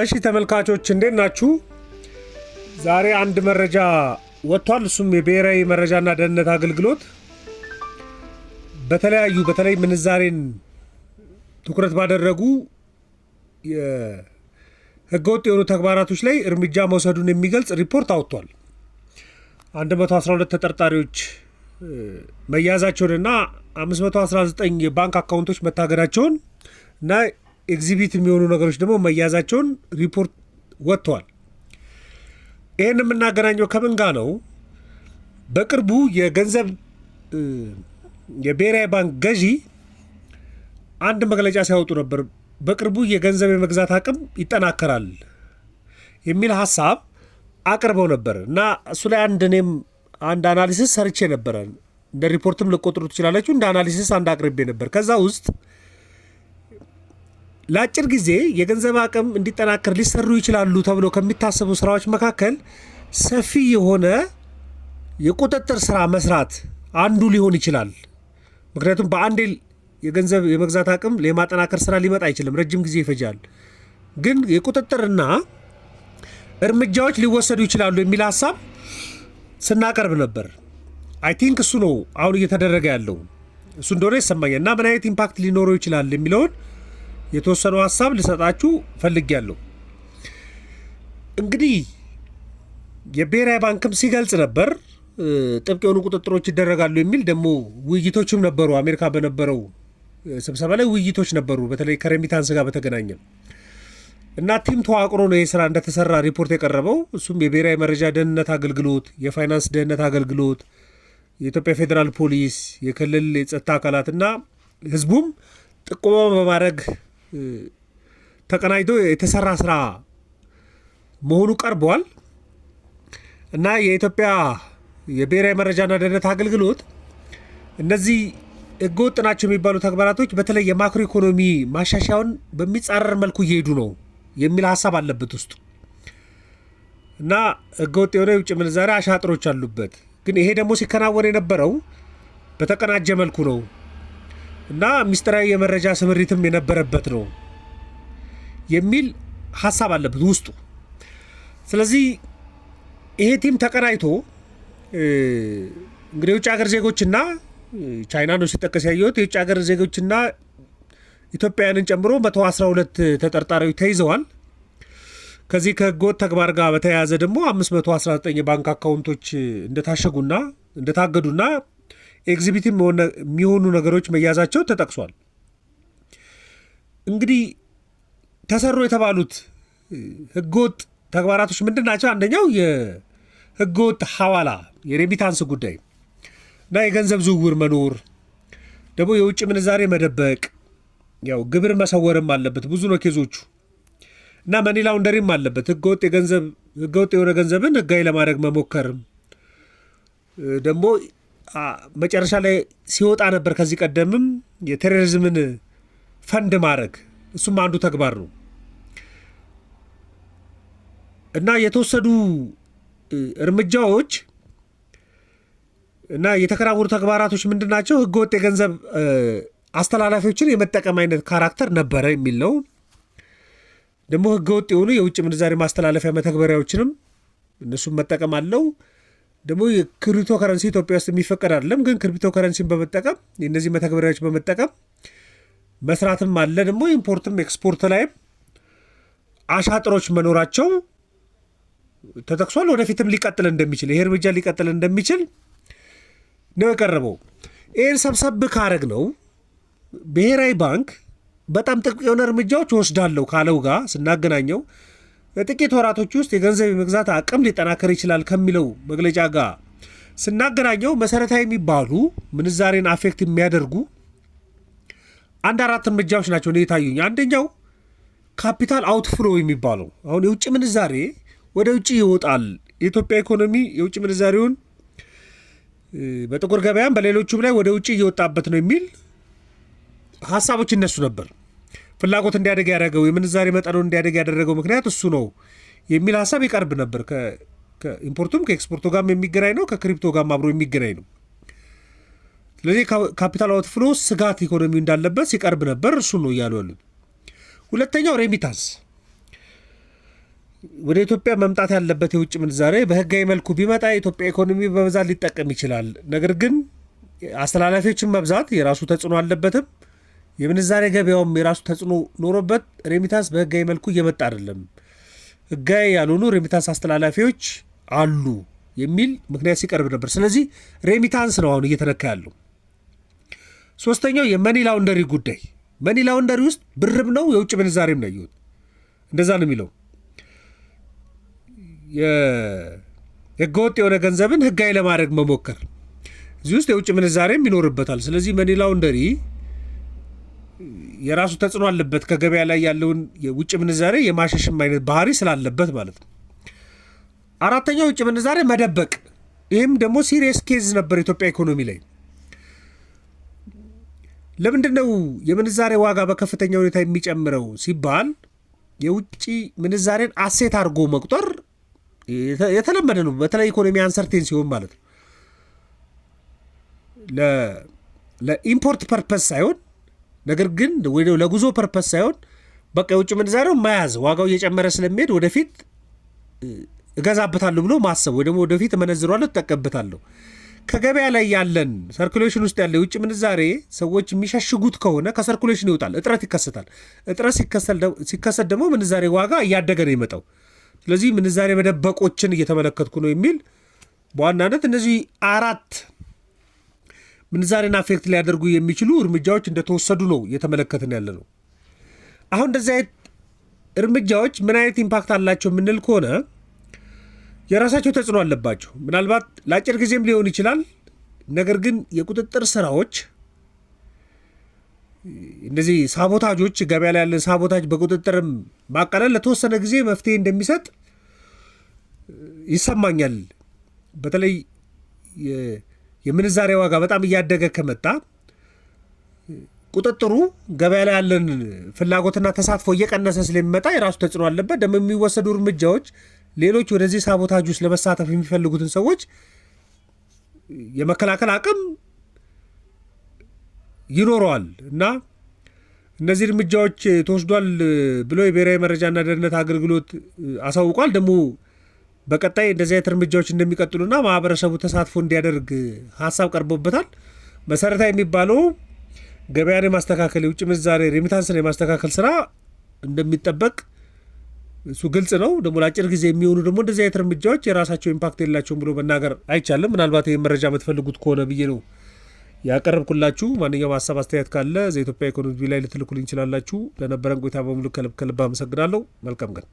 እሺ ተመልካቾች እንዴት ናችሁ? ዛሬ አንድ መረጃ ወጥቷል። እሱም የብሔራዊ መረጃና ደህንነት አገልግሎት በተለያዩ በተለይ ምንዛሬን ትኩረት ባደረጉ ህገወጥ የሆኑ ተግባራቶች ላይ እርምጃ መውሰዱን የሚገልጽ ሪፖርት አውጥቷል። 112 ተጠርጣሪዎች መያዛቸውንና 519 የባንክ አካውንቶች መታገዳቸውን እና ኤግዚቢት የሚሆኑ ነገሮች ደግሞ መያዛቸውን ሪፖርት ወጥተዋል። ይህን የምናገናኘው ከምን ጋር ነው? በቅርቡ የገንዘብ የብሔራዊ ባንክ ገዢ አንድ መግለጫ ሲያወጡ ነበር። በቅርቡ የገንዘብ የመግዛት አቅም ይጠናከራል የሚል ሀሳብ አቅርበው ነበር እና እሱ ላይ አንድ እኔም አንድ አናሊሲስ ሰርቼ ነበረ። እንደ ሪፖርትም ልቆጥሩ ትችላላችሁ። እንደ አናሊሲስ አንድ አቅርቤ ነበር። ከዛ ውስጥ ለአጭር ጊዜ የገንዘብ አቅም እንዲጠናከር ሊሰሩ ይችላሉ ተብሎ ከሚታሰቡ ስራዎች መካከል ሰፊ የሆነ የቁጥጥር ስራ መስራት አንዱ ሊሆን ይችላል። ምክንያቱም በአንዴ የገንዘብ የመግዛት አቅም የማጠናከር ስራ ሊመጣ አይችልም፣ ረጅም ጊዜ ይፈጃል። ግን የቁጥጥርና እርምጃዎች ሊወሰዱ ይችላሉ የሚል ሀሳብ ስናቀርብ ነበር። አይ ቲንክ እሱ ነው አሁን እየተደረገ ያለው እሱ እንደሆነ ይሰማኛል። እና ምን አይነት ኢምፓክት ሊኖረው ይችላል የሚለውን የተወሰነው ሀሳብ ልሰጣችሁ ፈልጊያለሁ። እንግዲህ የብሔራዊ ባንክም ሲገልጽ ነበር ጥብቅ የሆኑ ቁጥጥሮች ይደረጋሉ የሚል ደግሞ ውይይቶችም ነበሩ። አሜሪካ በነበረው ስብሰባ ላይ ውይይቶች ነበሩ፣ በተለይ ከረሚታን ጋር በተገናኘ እና ቲም ተዋቅሮ ነው ይህ ስራ እንደተሰራ ሪፖርት የቀረበው። እሱም የብሔራዊ መረጃ ደህንነት አገልግሎት፣ የፋይናንስ ደህንነት አገልግሎት፣ የኢትዮጵያ ፌዴራል ፖሊስ፣ የክልል የጸጥታ አካላት እና ህዝቡም ጥቆማ በማድረግ ተቀናጅቶ የተሰራ ስራ መሆኑ ቀርበዋል እና የኢትዮጵያ የብሔራዊ መረጃና ደህንነት አገልግሎት እነዚህ ህገወጥ ናቸው የሚባሉ ተግባራቶች በተለይ የማክሮ ኢኮኖሚ ማሻሻያውን በሚጻረር መልኩ እየሄዱ ነው የሚል ሀሳብ አለበት ውስጡ እና ህገወጥ የሆነ የውጭ ምንዛሪ አሻጥሮች አሉበት። ግን ይሄ ደግሞ ሲከናወን የነበረው በተቀናጀ መልኩ ነው እና ሚስጢራዊ የመረጃ ስምሪትም የነበረበት ነው የሚል ሀሳብ አለበት ውስጡ። ስለዚህ ይሄ ቲም ተቀናይቶ እንግዲህ የውጭ ሀገር ዜጎችና ቻይና ነው ሲጠቀስ ያየሁት የውጭ ሀገር ዜጎችና ኢትዮጵያውያንን ጨምሮ 112 ተጠርጣሪዎች ተይዘዋል። ከዚህ ከህገወጥ ተግባር ጋር በተያያዘ ደግሞ 519 የባንክ አካውንቶች እንደታሸጉና እንደታገዱና ኤግዚቢቲቭ የሚሆኑ ነገሮች መያዛቸው ተጠቅሷል። እንግዲህ ተሰሩ የተባሉት ህገወጥ ተግባራቶች ምንድን ናቸው? አንደኛው የህገወጥ ሐዋላ የሬሚታንስ ጉዳይ እና የገንዘብ ዝውውር መኖር ደግሞ የውጭ ምንዛሬ መደበቅ፣ ያው ግብር መሰወርም አለበት ብዙ ነው ኬዞቹ እና መኒ ላውንደሪም አለበት። ህገወጥ የገንዘብ ህገወጥ የሆነ ገንዘብን ህጋዊ ለማድረግ መሞከርም ደግሞ መጨረሻ ላይ ሲወጣ ነበር። ከዚህ ቀደምም የቴሮሪዝምን ፈንድ ማድረግ እሱም አንዱ ተግባር ነው እና የተወሰዱ እርምጃዎች እና የተከናወኑ ተግባራቶች ምንድን ናቸው? ህገወጥ የገንዘብ አስተላላፊዎችን የመጠቀም አይነት ካራክተር ነበረ ነው። ደግሞ ህገወጥ የሆኑ የውጭ ምንዛሬ ማስተላለፊያ መተግበሪያዎችንም እነሱም መጠቀም አለው። ደግሞ የክሪፕቶ ከረንሲ ኢትዮጵያ ውስጥ የሚፈቀድ አይደለም። ግን ክሪፕቶ ከረንሲን በመጠቀም እነዚህ መተግበሪያዎች በመጠቀም መስራትም አለ። ደግሞ ኢምፖርትም ኤክስፖርት ላይም አሻጥሮች መኖራቸው ተጠቅሷል። ወደፊትም ሊቀጥል እንደሚችል ይሄ እርምጃ ሊቀጥል እንደሚችል ነው የቀረበው። ይህን ሰብሰብ ካረግ ነው ብሔራዊ ባንክ በጣም ጥብቅ የሆነ እርምጃዎች ወስዳለሁ ካለው ጋር ስናገናኘው በጥቂት ወራቶች ውስጥ የገንዘብ የመግዛት አቅም ሊጠናከር ይችላል ከሚለው መግለጫ ጋር ስናገናኘው መሰረታዊ የሚባሉ ምንዛሬን አፌክት የሚያደርጉ አንድ አራት እርምጃዎች ናቸው እኔ የታዩኝ። አንደኛው ካፒታል አውትፍሎ የሚባለው አሁን የውጭ ምንዛሬ ወደ ውጭ ይወጣል። የኢትዮጵያ ኢኮኖሚ የውጭ ምንዛሬውን በጥቁር ገበያም በሌሎቹም ላይ ወደ ውጭ እየወጣበት ነው የሚል ሀሳቦች ይነሱ ነበር። ፍላጎት እንዲያደግ ያደረገው የምንዛሬ መጠኑ እንዲያደግ ያደረገው ምክንያት እሱ ነው የሚል ሀሳብ ይቀርብ ነበር። ከኢምፖርቱም ከኤክስፖርቱ ጋም የሚገናኝ ነው፣ ከክሪፕቶ ጋም አብሮ የሚገናኝ ነው። ስለዚህ ካፒታል ፍሎ ስጋት ኢኮኖሚ እንዳለበት ሲቀርብ ነበር። እሱ ነው እያሉ ያሉት። ሁለተኛው ሬሚታንስ ወደ ኢትዮጵያ መምጣት ያለበት የውጭ ምንዛሬ በህጋዊ መልኩ ቢመጣ የኢትዮጵያ ኢኮኖሚ በብዛት ሊጠቀም ይችላል። ነገር ግን አስተላላፊዎችን መብዛት የራሱ ተጽዕኖ አለበትም የምንዛሬ ገበያውም የራሱ ተጽዕኖ ኖሮበት ሬሚታንስ በህጋዊ መልኩ እየመጣ አይደለም፣ ህጋዊ ያልሆኑ ሬሚታንስ አስተላላፊዎች አሉ የሚል ምክንያት ሲቀርብ ነበር። ስለዚህ ሬሚታንስ ነው አሁን እየተነካ ያለው። ሶስተኛው የመኒ ላውንደሪ ጉዳይ። መኒ ላውንደሪ ውስጥ ብርም ነው የውጭ ምንዛሬም ነው ያየሁት። እንደዛ ነው የሚለው ህገወጥ የሆነ ገንዘብን ህጋዊ ለማድረግ መሞከር እዚህ ውስጥ የውጭ ምንዛሬም ይኖርበታል። ስለዚህ መኒ ላውንደሪ የራሱ ተጽዕኖ አለበት። ከገበያ ላይ ያለውን የውጭ ምንዛሬ የማሸሽም አይነት ባህሪ ስላለበት ማለት ነው። አራተኛው ውጭ ምንዛሬ መደበቅ፣ ይህም ደግሞ ሲሪየስ ኬዝ ነበር ኢትዮጵያ ኢኮኖሚ ላይ። ለምንድን ነው የምንዛሬ ዋጋ በከፍተኛ ሁኔታ የሚጨምረው ሲባል የውጭ ምንዛሬን አሴት አድርጎ መቁጠር የተለመደ ነው። በተለይ ኢኮኖሚ አንሰርቴን ሲሆን ማለት ነው ለኢምፖርት ፐርፐስ ሳይሆን ነገር ግን ለጉዞ ፐርፐስ ሳይሆን በቃ የውጭ ምንዛሬው መያዝ ዋጋው እየጨመረ ስለሚሄድ ወደፊት እገዛበታለሁ ብሎ ማሰብ ወይ ደግሞ ወደፊት እመነዝሯለሁ ትጠቀምበታለሁ። ከገበያ ላይ ያለን ሰርኩሌሽን ውስጥ ያለ የውጭ ምንዛሬ ሰዎች የሚሸሽጉት ከሆነ ከሰርኩሌሽን ይወጣል፣ እጥረት ይከሰታል። እጥረት ሲከሰት ደግሞ ምንዛሬ ዋጋ እያደገ ነው የመጣው። ስለዚህ ምንዛሬ መደበቆችን እየተመለከትኩ ነው የሚል በዋናነት እነዚህ አራት ምንዛሬን አፌክት ሊያደርጉ የሚችሉ እርምጃዎች እንደተወሰዱ ነው እየተመለከትን ያለ ነው። አሁን እንደዚህ አይነት እርምጃዎች ምን አይነት ኢምፓክት አላቸው የምንል ከሆነ የራሳቸው ተጽዕኖ አለባቸው። ምናልባት ለአጭር ጊዜም ሊሆን ይችላል። ነገር ግን የቁጥጥር ስራዎች እነዚህ ሳቦታጆች፣ ገበያ ላይ ያለን ሳቦታጅ በቁጥጥርም ማቃለል ለተወሰነ ጊዜ መፍትሄ እንደሚሰጥ ይሰማኛል። በተለይ የምንዛሬ ዋጋ በጣም እያደገ ከመጣ ቁጥጥሩ ገበያ ላይ ያለን ፍላጎትና ተሳትፎ እየቀነሰ ስለሚመጣ የራሱ ተጽዕኖ አለበት። ደግሞ የሚወሰዱ እርምጃዎች ሌሎች ወደዚህ ሳቦታጅ ውስጥ ለመሳተፍ የሚፈልጉትን ሰዎች የመከላከል አቅም ይኖረዋል እና እነዚህ እርምጃዎች ተወስዷል ብሎ የብሔራዊ መረጃና ደህንነት አገልግሎት አሳውቋል። ደግሞ በቀጣይ እንደዚህ አይነት እርምጃዎች እንደሚቀጥሉና ማህበረሰቡ ተሳትፎ እንዲያደርግ ሀሳብ ቀርቦበታል። መሰረታዊ የሚባለው ገበያን የማስተካከል የውጭ ምንዛሬ ሬሚታንስን የማስተካከል ስራ እንደሚጠበቅ እሱ ግልጽ ነው። ደግሞ ለአጭር ጊዜ የሚሆኑ ደግሞ እንደዚህ አይነት እርምጃዎች የራሳቸው ኢምፓክት የላቸውም ብሎ መናገር አይቻልም። ምናልባት ይህ መረጃ የምትፈልጉት ከሆነ ብዬ ነው ያቀረብኩላችሁ። ማንኛውም ሀሳብ አስተያየት ካለ ዘኢትዮጵያ ኢኮኖሚ ላይ ልትልኩልኝ ይችላላችሁ። ለነበረን ቆይታ በሙሉ ከልብ ከልብ አመሰግናለሁ። መልካም ቀን